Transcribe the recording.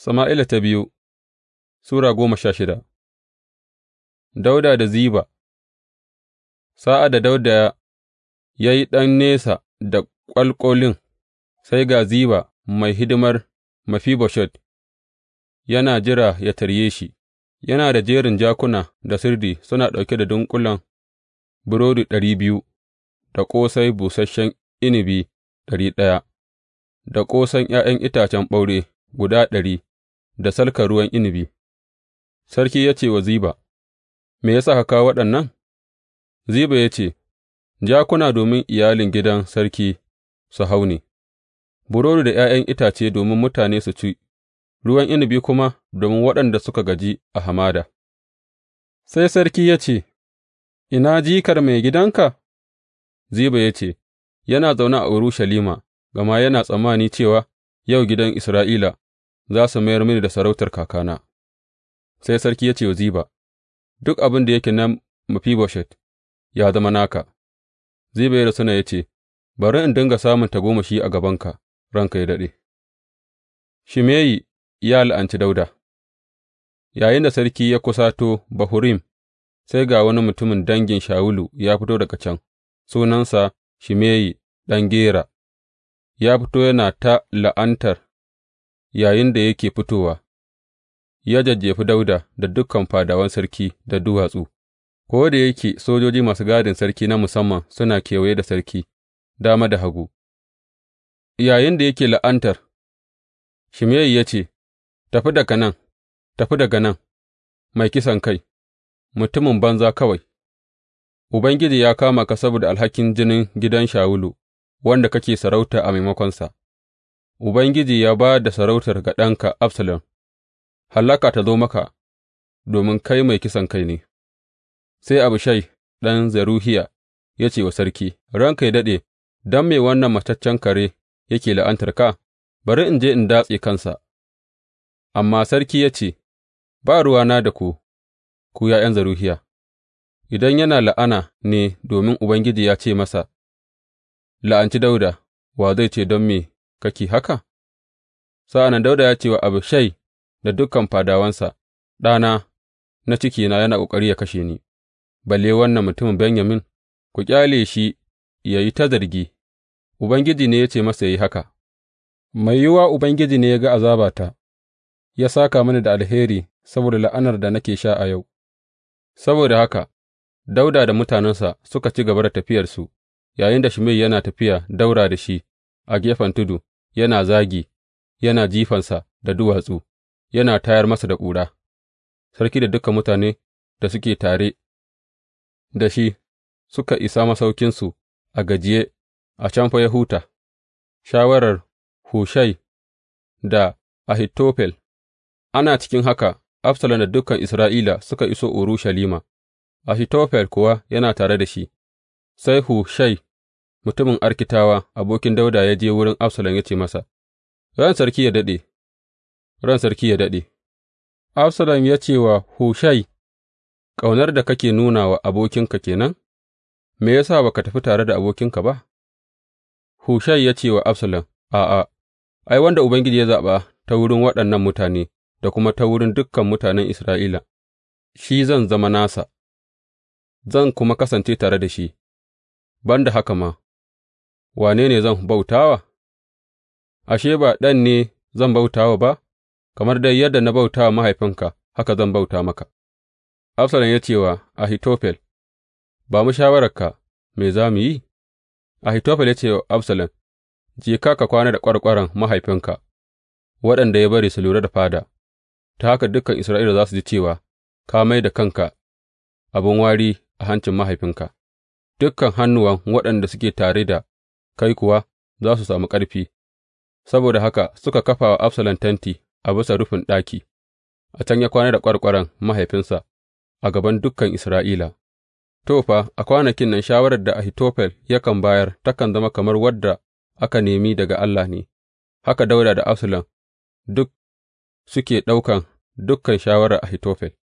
Sama'ila ta biyu Sura goma sha shida Dauda da Ziba Sa'a da Dauda ya yi ɗan nesa da ƙwalƙolin, sai ga Ziba mai hidimar Mafiboshet yana jira ya tarye shi, yana da jerin jakuna da sirdi suna ɗauke da dunƙulen burodi ɗari biyu, da ƙosai busasshen inibi ɗari ɗaya, da ƙosan ’ya'yan itacen ɓaure guda ɗari. da salkar ruwan inabi, sarki ya ce wa Ziba, Me ya sa ka kawo waɗannan? Ziba ya ce, Jakuna domin iyalin gidan sarki su hau ne, burodi da ’ya'yan itace domin mutane su ci, ruwan inabi kuma domin waɗanda suka gaji a hamada. Sai sarki ya ce, Ina jikar mai gidanka? Ziba ya ce, Yana zaune a Urushalima, gama yana tsammani cewa yau gidan Isra'ila za su mayar mini da sarautar kakana. Sai sarki ya ce wa Ziba, Duk abin da yake na Mafiboshet ya zama naka. Ziba ya rasuna ya ce, Bari in dinga samun tagomashi a gabanka, ranka ya daɗe. Shimeyi ya la'anci Dauda Yayin da sarki ya kusato Bahurim, sai ga wani mutumin dangin Shawulu ya fito daga can, sunansa Shimeyi ɗan Gera, ya fito yana ta la'antar yayinda yake fitowa, ya jajjefi Dawuda da dukan fadawan sarki da duwatsu, ko da yake sojoji masu gadin sarki na musamman suna kewaye da sarki, dama da hagu. Yayinda yake la'antar, Shimeyi ya ce, Tafi daga nan, tafi daga nan, mai kisan kai." mutumin banza kawai, Ubangiji ya kama ka saboda alhakin jinin gidan Shawulu, wanda kake sarauta a maimakonsa. Ubangiji ya ba da sarautar ga ɗanka Absalom, hallaka ta zo maka domin kai mai kisankai ne. Sai Abishai ɗan Zeruhiya ya ce wa sarki, Ranka yă daɗe, don me wannan mataccen kare yake la'antar ka, bari in je in datse kansa. Amma sarki ya ce, Ba ruwana da ku, ku ’ya'yan Zeruhiya, idan yana la'ana ne domin Ubangiji ya ce masa, La'anci Dauda, wa zai ce don me kake haka? Sa'an nan Dauda ya ce wa Abishai da dukan fadawansa, Ɗana na cikina yana ƙoƙari ya kashe ni, balle wannan mutumin Benyamin, ku ƙyale shi ya yi ta zargi, Ubangiji ne ya ce masa ya yi haka, mai yiwuwa Ubangiji ne ya ga azabata, ya saka mini da alheri saboda la'anar da nake sha a yau. Saboda haka, Dauda da mutanensa suka ci gaba da tafiyarsu, da Shimeyi yana tafiya daura da shi a gefen tudu, yana zagi, yana jifansa da duwatsu, yana tayar masa da ƙura, sarki da dukan mutane da suke tare da shi suka isa masaukinsu a gajiye, a can fa ya huta, shawarar Hushai da Ahitofel. Ana cikin haka, Absalom da dukan Isra'ila suka iso Urushalima, Ahitofel kuwa yana tare da shi, sai Hushai mutumin Arkitawa, abokin Dawuda ya je wurin Absalom ya ce masa, Ran sarki ya daɗe, ran sarki ya daɗe. Absalom ya ce wa Hushai, Ƙaunar da kake nuna wa abokinka kenan. me ya sa ba ka tafi tare da abokinka ba? Hushai ya ce wa Absalom, A'a, ai, wanda Ubangiji ya zaɓa ta wurin waɗannan mutane da kuma ta wurin dukkan mutanen Isra'ila, shi zan zama nasa, zan kuma kasance tare da shi, ban da haka ma, wane ne zan bauta wa? Ashe, ba ɗan ne zan bauta wa ba, kamar dai yadda na bauta wa mahaifinka, haka zan bauta maka. Absalom ya ce wa Ahitofel, Ba mu shawararka, me za mu yi? Ahitofel ya ce wa Absalom, Je ka ka kwana da ƙwarƙwaran mahaifinka, waɗanda ya bari su lura da fada, ta haka dukan Isra'ila za su ji cewa ka mai da kanka abin wari a hancin mahaifinka, dukan hannuwan waɗanda suke tare da kai kuwa za su samu ƙarfi, saboda haka suka kafa wa Absalom tenti a bisa rufin ɗaki, a can ya kwana da ƙwarƙwaran mahaifinsa a gaban dukan Isra'ila. To, fa, a kwanakin nan shawarar da Ahitofel yakan bayar takan zama kamar wadda aka nemi daga Allah ne, haka Dauda da Absalom duk suke ɗaukan dukkan shawarar Ahitofel.